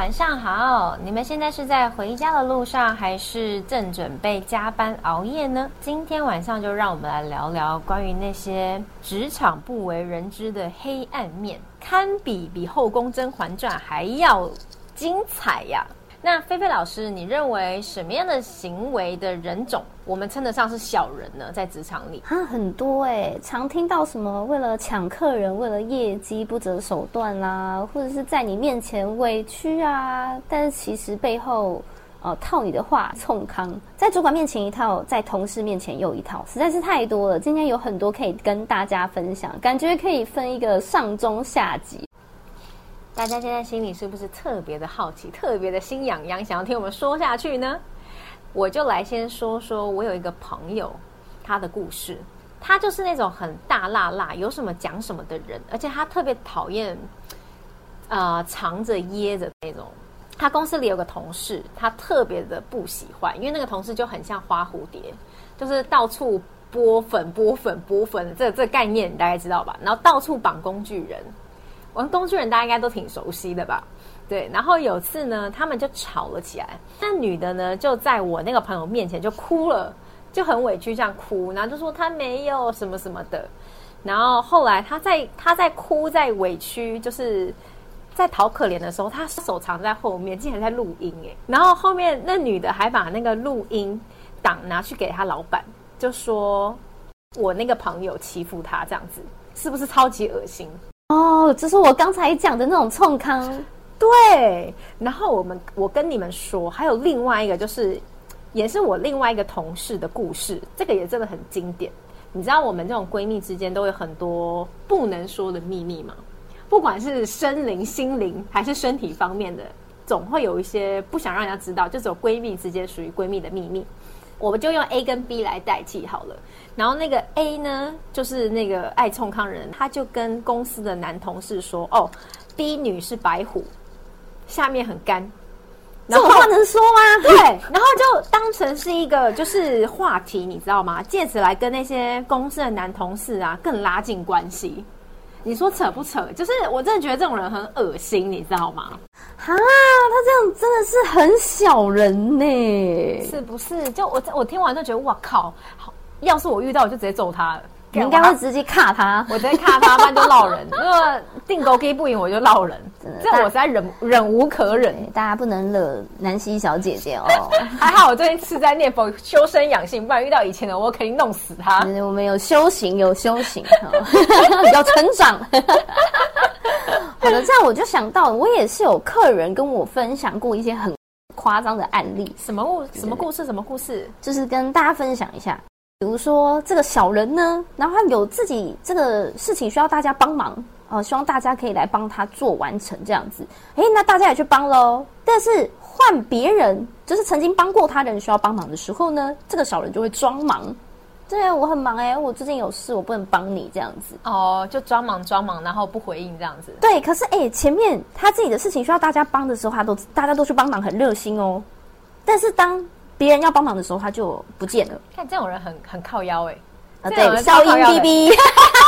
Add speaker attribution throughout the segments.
Speaker 1: 晚上好，你們現在是在回家的路上，還是正準備加班熬夜呢？今天晚上就讓我們來聊聊關於那些職場不為人知的黑暗面，堪比比後宮《甄嬛傳》還要精彩呀、啊！那妃妃老師，你認為什麼樣的行為的人種，我們稱得上是小人呢？在職場裡，
Speaker 2: 啊，很多誒、欸、常聽到什麼為了搶客人、為了業績不擇手段啦、啊，或者是在你面前委屈啊，但是其實背後，呃，套你的話、衝康，在主管面前一套，在同事面前又一套，實在是太多了。今天有很多可以
Speaker 1: 跟大家分享，感覺可以分一個上
Speaker 2: 中下集。
Speaker 1: 大家現在心裡是不是特別的好奇，特別的心癢癢，想要聽我們說下去呢？我就來先說說，我有一個朋友，他的故事，他就是那種很大辣辣，有什麼講什麼的人，而且他特別討厭，呃，藏着掖着那種。他公司裡有個同事，他特別的不喜歡，因為那個同事就很像花蝴蝶，就是到處撥粉、撥粉、撥粉，這個、這個概念你大概知道吧？然後到處綁工具人。玩工具人，大家應該都挺熟悉的吧？對，然後有次呢，他們就吵了起來。那女的呢，就在我那個朋友面前就哭了，就很委屈，這樣哭，然後就說她沒有什麼什麼的。然後後來她在她在哭，在委屈，就是在討可憐的時候，她手藏在後面，竟然在錄音欸！然後後面那女的還把那個錄音檔拿去給她老板，就說我那個朋友欺負她，這樣子是不是超級惡心？哦，oh, 這是我剛才講的那種衝康，對。然後我們，我跟你們說，還有另外一個，就是，也是我另外一個同事的故事，這個也真的很經典。你知道，我們這種閨蜜之間都有很多不能說的秘密嗎？不管是身靈、心靈還是身體方面的，總會有一些不想讓人家知道，就只有閨蜜之間屬於閨蜜的秘密。我們就用 A 跟 B 來代替好了。然後那個 A 呢，就是那個愛衝康人，他就跟公司的男同事說：“哦，B 女是白虎，下面很乾。”這我話能說嗎？對， 然後就當成是一個就是話題，你知道嗎？借此來跟那些公司的男同事啊更拉近關係。你說扯不扯？就是我真的覺得這種人很惡心，你知道嗎？啊，他這樣真的是很小人呢、欸，是不是？就我我聽完就覺得，哇靠！好。要是我遇到，我就直接揍他。我你應該會直接卡他，我直接卡他，那 就落人。那定鈎 K 不贏，我就落人。的這我
Speaker 2: 實在忍 忍無可忍，大家不能惹南溪小姐姐哦。
Speaker 1: 還好我最近吃在念佛，修身養性，不然遇到以前的我，肯定弄死他。對對對。我們有
Speaker 2: 修行，有修行，
Speaker 1: 較 成長。 好了，這樣我就想到，我
Speaker 2: 也是有客人跟我分享過一些很誇張的案例。什麼故什麼故事？什麼故事？就是跟大家分享一下。比如說這個小人呢，然後他有自己這個事情，需要大家幫忙啊、呃，希望大家可以來幫他做完成這樣子。哎，那大家也去幫嘍。但是換別人，就是曾經幫過他的人需要幫忙的時候呢，這個小人就會裝忙。
Speaker 1: 對，我很忙哎、欸，我最近有事，我不能幫你這樣子。哦，就裝忙裝忙，然後不回應這樣子。
Speaker 2: 對，可是哎，前面他自己的事情需要大家幫的時候，他都大家都去幫忙，很熱心哦。但是當別人要幫忙的時候，他就不見了。
Speaker 1: 看這種人很很靠腰哎、欸，啊，、欸、啊對，笑音嗶嗶，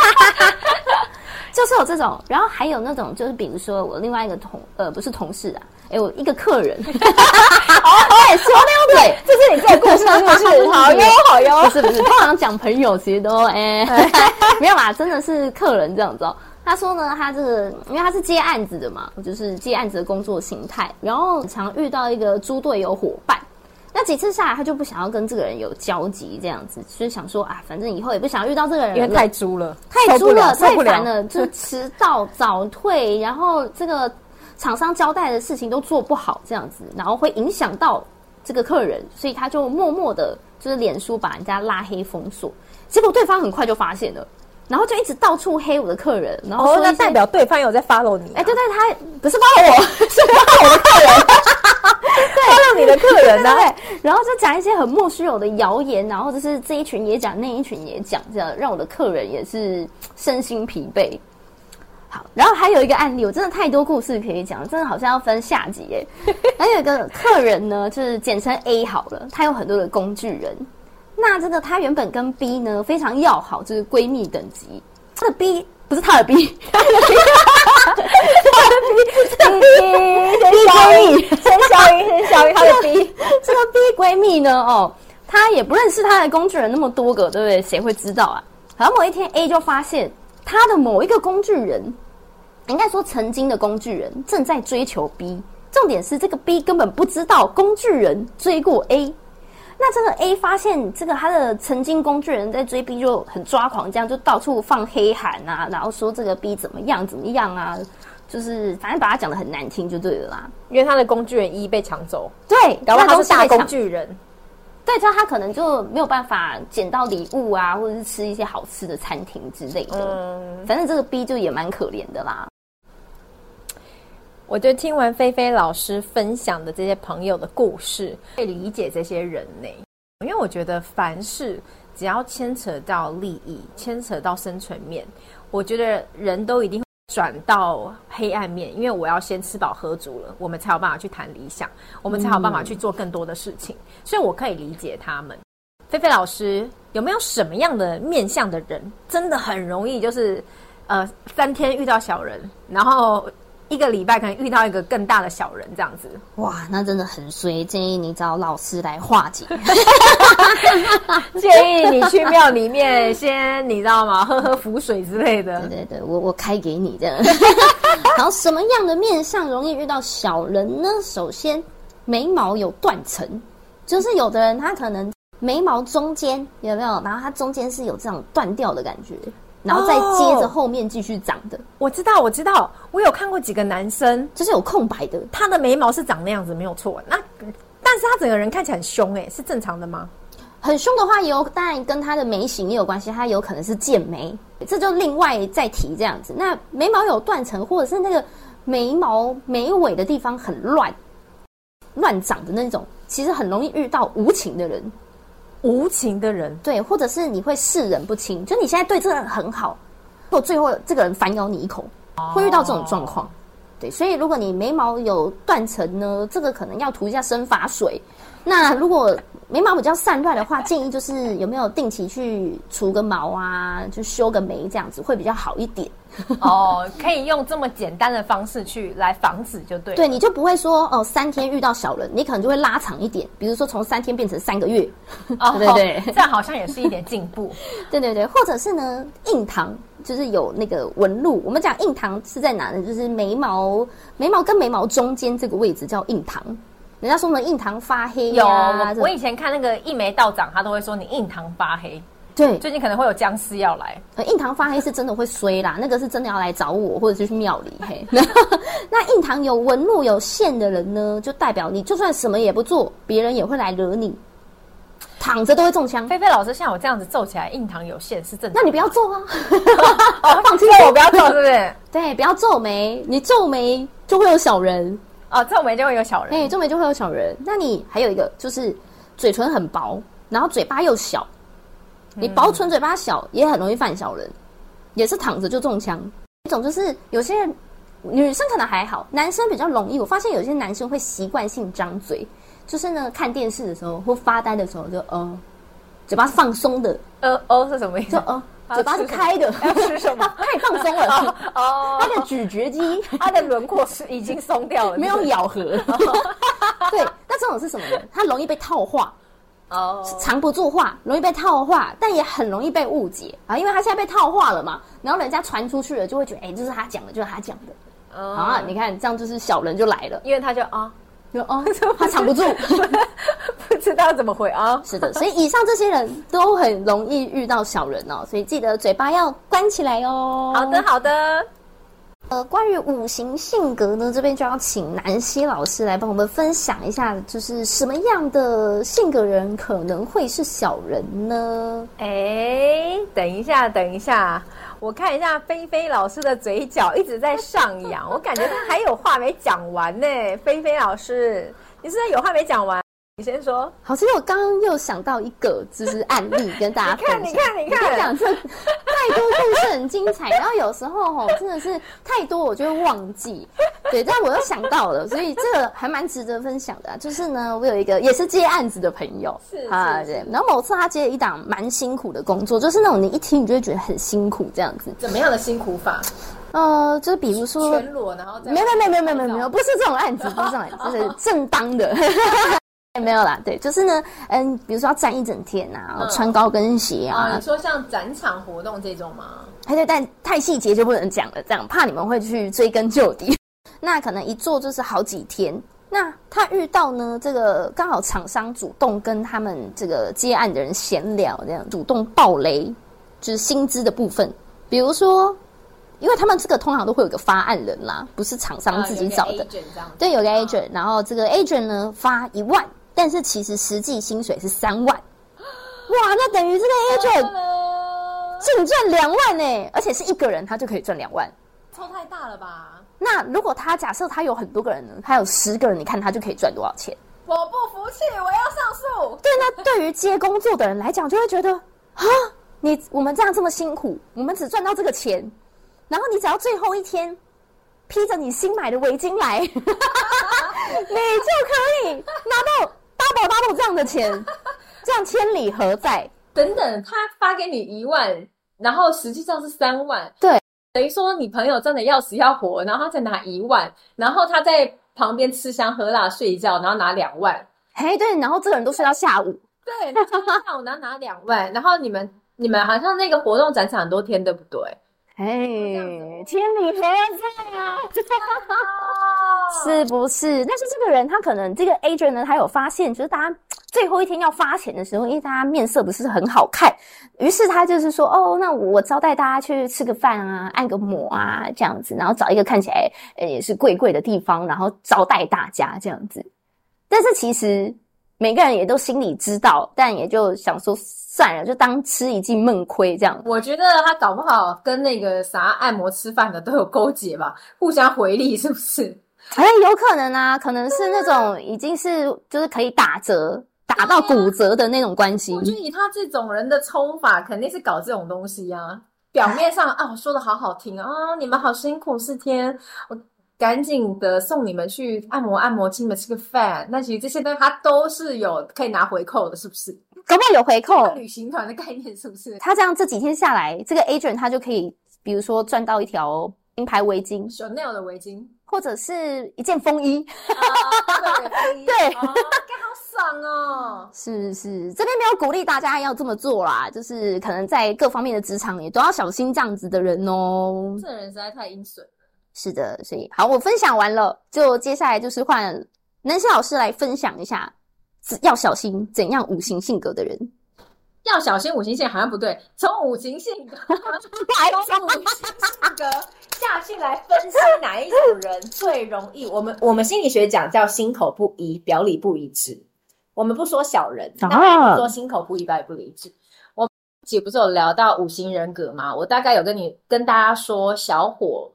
Speaker 2: 就是有這種。然後還有那種，就是比如說我另外一個同呃不是同事啊，哎、欸、我一個客人。 哦，欸、了對，說了又對，這是你在故事嗎？？ 好喲好喲， 不是不是，通常講朋友，其實都哎，欸、 沒有啊，真的是客人這樣子哦。他說呢，他這個因為他是接案子的嘛，就是接案子的工作形態，然後常遇到一個豬隊友夥伴。幾次下來，他就不想要跟這個人有交集，這樣子，就想說啊，反正以後也不想要遇到這個人，因為太豬
Speaker 1: 了，太豬了，太煩了，了了就
Speaker 2: 遲到早退，然後這個廠商交代的事情都做不好，這樣子，然後會影響到這個客人，所以他就默默的，就是臉書把人家拉黑封鎖。結果對方很快就發現了，然後就一直到處黑我的客人。然後說、哦、那代表對方有在 follow 你？啊？哎、欸，對對，他不是 follow 我，我是 follow 我的客人。 對，讓你的客人呢，然後就講一些很莫須有的謠言，然後就是這一群也講，那一群也講，這樣讓我的客人也是身心疲憊。好，然後還有一個案例，我真的太多故事可以講了，真的好像要分下集耶、欸。還 有一個客人呢， 就是簡稱 A 好了，他有很多的工具人。那這個他原本跟 B 呢非常要好，就是閨蜜等級。這個 B。不是他的 B，他的 B，B 閨蜜，B 閨蜜，B 閨蜜，他的 B，, 小他的 B、這個、這個 B 閨蜜呢？哦，他也不認識他的工具人那麼多個，對不對？誰會知道啊？好像某一天 A 就發現他的某一個工具人，應該說曾經的工具人正在追求 B，重點是這個 B 根本不知道工具人追過 A。那這個 A 發現這個他的曾經工具人在追 B 就很抓狂，這樣就到處放黑函啊，然後說這個 B 怎麼樣怎麼樣啊，就是反正把他講得很難聽就對了啦。因為他的工具人一,一被搶走，對，然後他都是大工具人。對，就他可能就沒有辦法撿到禮物啊，或者是吃一些好吃的餐廳之
Speaker 1: 類的。嗯，反正這個 B 就也蠻可憐的啦。我就聽完菲菲老師分享的這些朋友的故事，可以理解這些人呢、欸。因為我覺得凡事只要牽扯到利益、牽扯到生存面，我覺得人都一定會轉到黑暗面。因為我要先吃飽喝足了，我們才有辦法去談理想，我們才有辦法去做更多的事情。嗯、所以我可以理解他們。菲菲老師有沒有什麼樣的面相的人，真的很容易就是呃三天遇到小人，然後？一個禮拜可能遇到一個更大的小人，這樣子。哇，那真
Speaker 2: 的很衰，建議你找老師來化解。
Speaker 1: 建議你去廟裡面
Speaker 2: 先，你知道嗎？喝喝符水之類的。對對對，我我開給你這樣。然後什麼樣的面相容易遇到小人呢？首先眉毛有斷層，就是有的人他可能眉毛中間有沒有？然後他中間是有這種斷掉的感覺。然後再接着
Speaker 1: 後面繼續長的。哦，我知道，我知道，我有看過幾個男生，就是有空白的，他的眉毛是長那樣子，沒有錯。那、啊、但是他整個人看起來很凶。欸，哎，是正
Speaker 2: 常的嗎？很凶的話，有，當然跟他的眉形也有關係，他有可能是劍眉，這就另外再提這樣子。那眉毛有斷層，或者是那個眉毛眉尾的地方很亂亂長的那種，其實很容易遇到無情的人。無情的人，對，或者是你會視人不清，就你現在對這個人很好，或最後這個人反咬你一口，會遇到這種狀況。Oh. 對，所以如果你眉毛有斷層呢，這個可能要塗一下生髮水。那如果眉毛比較散亂的話，建議就是有沒有定期去除個毛啊，就修個眉這樣子會比較好一點。
Speaker 1: 哦，可以用這麼簡單的方式去來防止，就對。對，你就不
Speaker 2: 會說哦、呃，三天遇到小人，你可能就會拉長一點，比如說從三天變成三個
Speaker 1: 月。 哦，對，對對，這樣好像也是一點進步。
Speaker 2: 對對對，或者是呢，印堂。就是有那個紋路，我們講印堂是在哪呢？就是眉毛眉毛跟眉毛中間這個位置叫印堂。人家說我們印堂發黑、啊，有我吧我以
Speaker 1: 前看那個一眉道長，他都會說你印堂發黑。對，最近可能會有僵屍要來。
Speaker 2: 印堂發黑是真的會衰啦， 那個是真的要來找我，或者是去廟裡。嘿
Speaker 1: 那印堂有
Speaker 2: 紋路有線的人呢，就代表你就算什麼也不做，別人也會來惹你。
Speaker 1: 躺着都會中槍，菲菲老師，像我這樣子皺起來，印堂有線是正常的。那你不要皺啊，放棄了 我不要皺，是不是？ 對，不要皺眉，你皺眉就會有小
Speaker 2: 人。哦，皺眉就會有小人。對、欸，皺眉就會有小人。那你還有一個就是嘴唇很薄，然後嘴巴又小，嗯、你薄唇嘴巴小也很容易犯小人，也是躺着就中槍。一種就是有些人女生可能還好，男生比較容易，我發現有些男生會習慣性張嘴。就是呢，看電視的時候或發呆的
Speaker 1: 時候，就哦，嘴巴放鬆的，哦哦是什麼意思？就哦，嘴巴是開的，要吃什麼？太放鬆了，哦，它的咀嚼肌，它的輪廓是已經鬆掉了，沒有咬合。對，那這種是什麼呢？他容易被套話，哦，是
Speaker 2: 藏不住話，容易被套話，但也很容易被誤解啊，因為他現在被套話了嘛，然後人家傳出去了，就會覺得哎，這是他講的，就是他講的啊。你看這樣就是小人就來了，因為他就啊。 哦，他藏不住， 不知道怎麼回啊。哦、是的，所以以上這些人都很容易遇到小人哦，所以記得嘴巴要關起來哦。好的，好的。呃，關於五行性格呢，這邊就要請南西老師來幫我們分享一下，就是什麼樣的性格人
Speaker 1: 可能會是小人呢？哎，等一下，等一下。我看一下菲菲老師的嘴角一直在上揚， 我感覺他還有話沒講完呢、欸。 菲菲老師，你是不是有話沒講完？你先說。
Speaker 2: 好，其實我剛剛又想到一個就是案例 跟大家分享。你看，你看，你看。你 太多故事很精彩，然後有時候吼真的是太多，我就會忘記。對，但我又想到了，所以這個還蠻值得分享的、啊。就是呢，我有一個也是接案子的朋友是，是啊，對。然後某次他接了一檔蠻辛苦的工作，就是那種你一聽你就會覺得很辛苦這樣子。怎麼樣的辛苦法？呃，就是比如說全裸，然
Speaker 1: 後沒、沒、沒、沒、
Speaker 2: 沒、有沒後、有，不是這種案子，後不是這種案子，後就是正當的。 沒有啦，對，就是呢，嗯，比如說要站一整天啊，嗯、穿高跟鞋啊、哦。你說像展
Speaker 1: 場活動這種嗎？
Speaker 2: 誒，對，但太細節就不能講了，這樣怕你們會去追根究底。那可能一做就是好幾天。那他遇到呢，這個剛好廠商主動跟他們這個接案的人閒聊，這樣主動爆雷，就是薪資的部分。比如說，因為他們這個通常都會有個發案人啦，不是廠商自己找的，啊、對，有個 agent，、啊、然後這個 agent 呢發一萬。但是其實實際薪水是三萬，哇！那等於這個 agent 淨賺兩萬呢，而且是一個人他就可以賺兩萬，
Speaker 1: 抽太大了吧？
Speaker 2: 那如果他假設他有很多個人呢，他有十個人，你看他就可以賺多少錢？
Speaker 1: 我不服氣，我要上訴。對，那
Speaker 2: 對於接工作的人來講，就會覺得啊，你我們這樣這麼辛苦，我們只賺到這個錢，然後你只要最後一天披着你新買的圍巾來，
Speaker 1: 你就可以拿到。發不這樣的錢，這樣天理何在？ 等等，他發給你一萬，然後實際上是三萬。對，等於說你朋友真的要死要活，然後他才拿一萬，然後他在旁邊吃香喝辣睡一覺，然後拿兩萬。哎，hey, 對，然後這個人都睡到下午。 對，下午然後拿拿兩萬，然後你們 你們好像那個活動展場很多天，對不對？哎 Hey,，天理何在啊？
Speaker 2: 是不是？但是這個人他可能這個 agent 呢，他有發現，就是大家最後一天要發錢的時候，因為大家面色不是很好看，於是他就是說，哦，那我招待大家去吃個飯啊，按個摩啊，這樣子，然後找一個看起來誒也是貴貴的地方，然後招待大家這樣子。但是其實每個人也都心裡知道，但也就想說算了，就當吃一記悶虧這樣子。
Speaker 1: 我覺得他搞不好跟那個啥按摩吃飯的都有勾結吧，互相回利是不是？誒
Speaker 2: 有可能啊，可能是那種已經是就是可以打折、啊、打到骨折的那種關係。我覺得
Speaker 1: 以他這種人的抽法，肯定是搞這種東西啊。表面上啊，我說的好好聽啊、哦，你們好辛苦四天，我趕緊的送你們去按摩按摩，請你們吃個飯。那其實這些東西他都是有可以拿回扣的，是不是？搞不好有回扣？旅行團的概念是不是？他這樣這幾天下來，這個 agent 他就可
Speaker 2: 以，比如說賺到一條名牌圍巾，Chanel
Speaker 1: 的圍巾。或者是
Speaker 2: 一件風衣、哦，對，感
Speaker 1: 覺 對、哦、好爽哦！
Speaker 2: 是是？這邊沒有鼓勵大家要這麼做啦，就是可能在各方面的職場也都要小心這樣子的人哦、喔。這人實
Speaker 1: 在太陰損了。
Speaker 2: 是的，所以好，我分享完了，就接下來就是換南西老師來分享一下，要小心怎樣五行性格的人。
Speaker 1: 要小心五行線好像不對，從五行性格、從五行性格下去來分析哪一種人最容易？ 我們我們心理學講叫心口不一、表裡不一致。我們不說小人，那我們說心口不一、表裡不一致。我們幾不是有聊到五行人格嘛？我大概有跟你跟大家說小火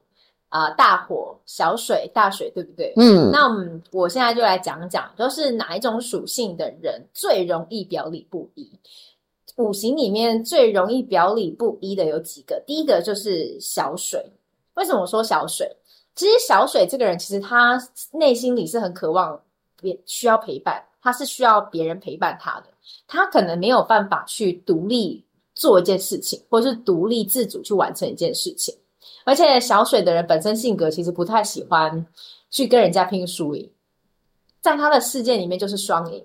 Speaker 1: 啊、呃、大火、小水、大水，對不對？嗯，那我們我現在就來講講，都、就是哪一種屬性的人最容易表裡不一？五行裡面最容易表裡不一的有幾個？第一個就是小水。為什麼我說小水？其實小水這個人，其實他內心裡是很渴望也需要陪伴，他是需要別人陪伴他的。他可能沒有辦法去獨立做一件事情，或是獨立自主去完成一件事情。而且小水的人本身性格其實不太喜歡去跟人家拼輸贏，在他的世界裡面就是雙贏。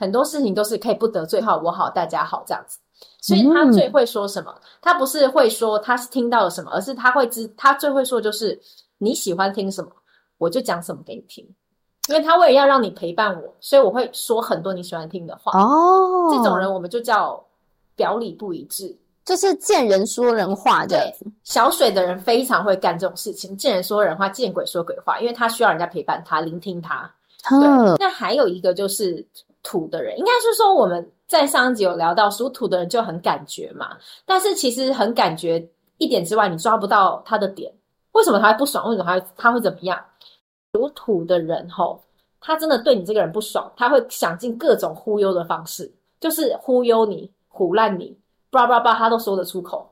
Speaker 1: 很多事情都是可以不得罪好，好我好大家好這樣子，所以他最會說什麼？嗯、他不是會說他是聽到了什麼，而是他會知他最會說就是你喜歡聽什麼，我就講什麼給你聽。因為他為了要讓你陪伴我，所以我會說很多你喜歡聽的話。哦，這種人我們就叫表裡不一致，就是見人說人話的。小水的人非常會幹這種事情，見人說人話，見鬼說鬼話，因為他需要人家陪伴他、聆聽他。
Speaker 2: 呵對，那
Speaker 1: 還有一個就是。土的人，應該是說我們在上一集有聊到，屬土的人就很感覺嘛，但是其實很感覺一點之外，你抓不到他的點。為什麼他會不爽？為什麼他會他會怎麼樣？屬土的人吼，他真的對你這個人不爽，他會想盡各種忽悠的方式，就是忽悠你、唬爛你，叭叭叭，他都說得出口。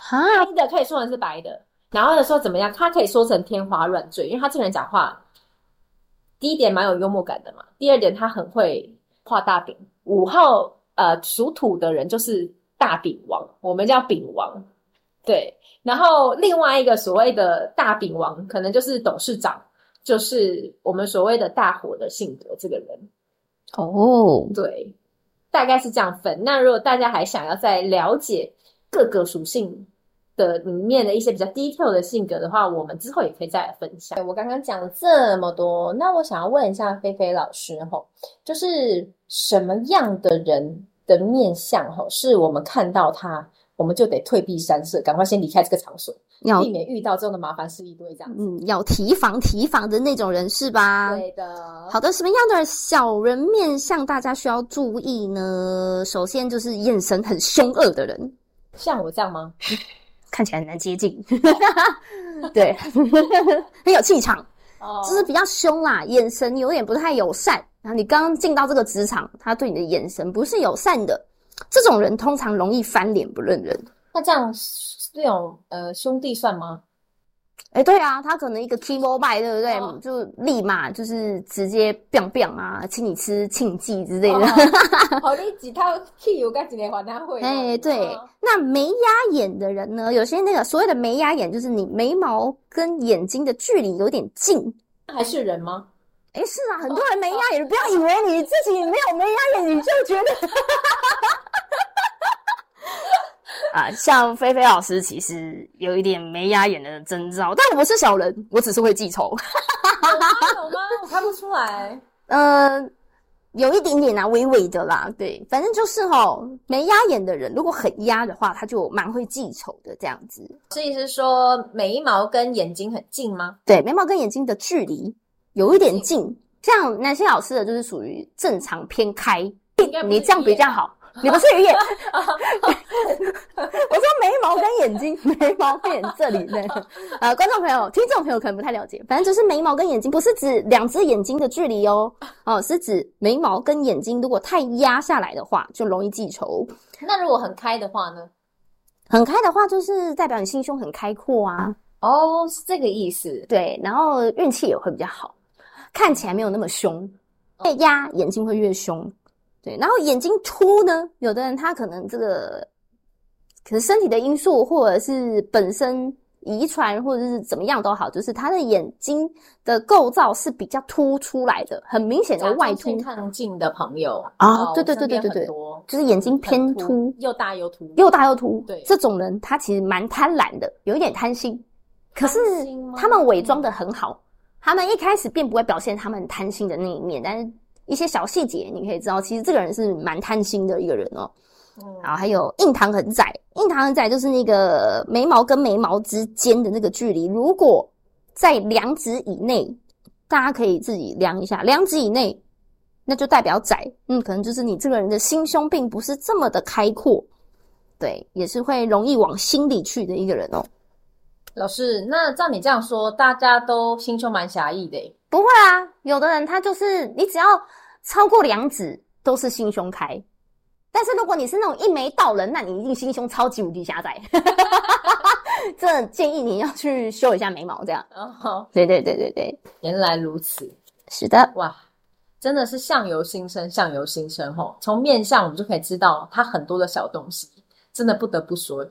Speaker 1: 黑的蛤可以說成是白的，然後呢說怎麼樣，他可以說成天花亂墜，因為他這個人講話。第一點蠻有幽默感的嘛，第二點他很會畫大餅。五號呃，屬土的人就是大餅王，我們叫餅王，對。然後另外一個所謂的大餅王，可能就是董事長，就是我們所謂的大火的性格這個人。哦，oh. 對，大概是這樣分。那如果大家還想要再了解各個屬性。的裡面的一些比較低調的性格的話，我們之後也可以再來分享。我剛剛講了這麼多，那我想要問一下菲菲老師吼，就是什麼樣的人的面相吼，是我們看到他我們就得退避三舍，趕快先離開這個場所，要避免遇到這樣的麻煩事一堆這樣子。嗯，要提防提防的那種人
Speaker 2: 是吧？對的。好的，什麼樣的小人面相大家需要注意呢？首先就是眼神很凶惡的人，
Speaker 1: 像我這樣嗎？
Speaker 2: 看起來很難接近， 對， 很有氣氣場
Speaker 1: ，oh. 就是比
Speaker 2: 較兇啦，眼神有點不太友善。然後你剛剛進到這個職場，他對你的眼神不是友善的，這種人通常容易翻臉不認人 。
Speaker 1: 那這樣，這種，呃，兄弟算嗎？哎、欸，對啊，他可能一個 key mobile，對不對？Oh. 就立
Speaker 2: 馬就是直接 biang biang 啊，請你吃慶記之類的，oh.
Speaker 1: 好，那幾套，汽油敢一年還他會。哎，對
Speaker 2: ，oh. 那眉壓眼的人呢？有些那個所謂的眉壓眼，就是你眉毛跟眼睛的距離有點近，還
Speaker 1: 是人嗎？哎、欸，是啊，很多人眉壓眼，不要以為你自己沒有眉壓眼，你就覺得。
Speaker 2: 啊、呃，像菲菲老師其實有一點眉壓眼的徵兆，但我不是小人，我只是會記仇。
Speaker 1: 有嗎？有嗎？我看不出來。嗯、
Speaker 2: 呃，有一點點啊，微微的啦。對，反正就是哈、哦，眉壓眼的人，如果很壓的話，他就蠻會記仇的這樣子。
Speaker 1: 所以是說眉毛跟眼睛很近嗎？
Speaker 2: 對，眉毛跟眼睛的距離有一點近。像南西老師的，就是屬於正常偏開，你，你這樣比較好。你不是魚眼， 我說眉毛跟眼睛，眉毛跟眼，這裡呢，呃觀眾朋友、聽眾朋友可能不太了解，反正就是眉毛跟眼睛，不是指兩只眼睛的距離哦，哦、呃，是指眉毛跟眼睛，如果太壓下來的話，就容易記仇。
Speaker 1: 那如果很開的話呢？
Speaker 2: 很開的話，就是代表你心胸很開闊啊。哦，是這個意思。對，然後運氣也會比較好，看起來沒有那麼凶，越壓眼睛會越凶。對，然後眼睛凸呢？有的人他可能這個，可是身體的因素，或者是本身遺傳，或者是怎麼樣都好，就是他的眼睛的構造是比較凸出來的，很明顯的外凸。戴眼鏡的朋友啊，哦哦、對對對對對對，就是眼睛偏凸，
Speaker 1: 又大又凸，又大又凸。對，這
Speaker 2: 種人他其實蠻貪婪的，有一點貪心，貪心，可是他們偽裝得很好，他們一開始並不會表現他們貪心的那一面，但是。一些小細節，你可以知道，其實這個人是蠻貪心的一個人哦、喔。嗯、然後還有印堂很窄，印堂很窄就是那個眉毛跟眉毛之間的那個距離，如果在兩指以內，大家可以自己量一下，兩指以內，那就代表窄。嗯，可能就是你這個人的心胸並不是這麼的開闊，對，也是會容易往心裡去的一個人哦、喔。
Speaker 1: 老師，那照你這樣說，大家都心胸蠻狹隘的。不會啊，有的人他就是你只要超過兩指都是心胸開，
Speaker 2: 但是如果你是那種一眉道人，那你一定心胸超級無敵狹窄。
Speaker 1: 這 建議你要去修一下眉毛，這樣。哦、對對對對對，原來如此，是的哇，真的是相由心生，相由心生吼、哦。從面相我們就可以知道他很多的小東西，真的不得不說，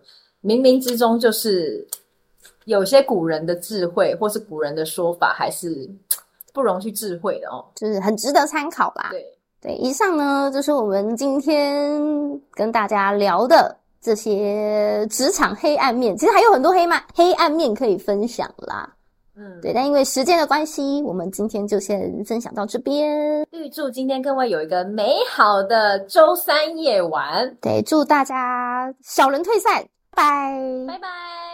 Speaker 1: 冥冥之中就是有些古人的智慧，或是古人的說法還是。不容去智慧的哦，就是
Speaker 2: 很值得參考啦。對對，以上呢就是我們今天跟大家聊的這些職場黑暗面，其實還有很多黑嘛黑暗面可以分享啦。嗯，對，但因為時間的關係，我們今天就先分享到這邊。預
Speaker 1: 祝今天各位有一個美好的周三夜晚。對，祝大家小人退賽，拜拜，拜拜。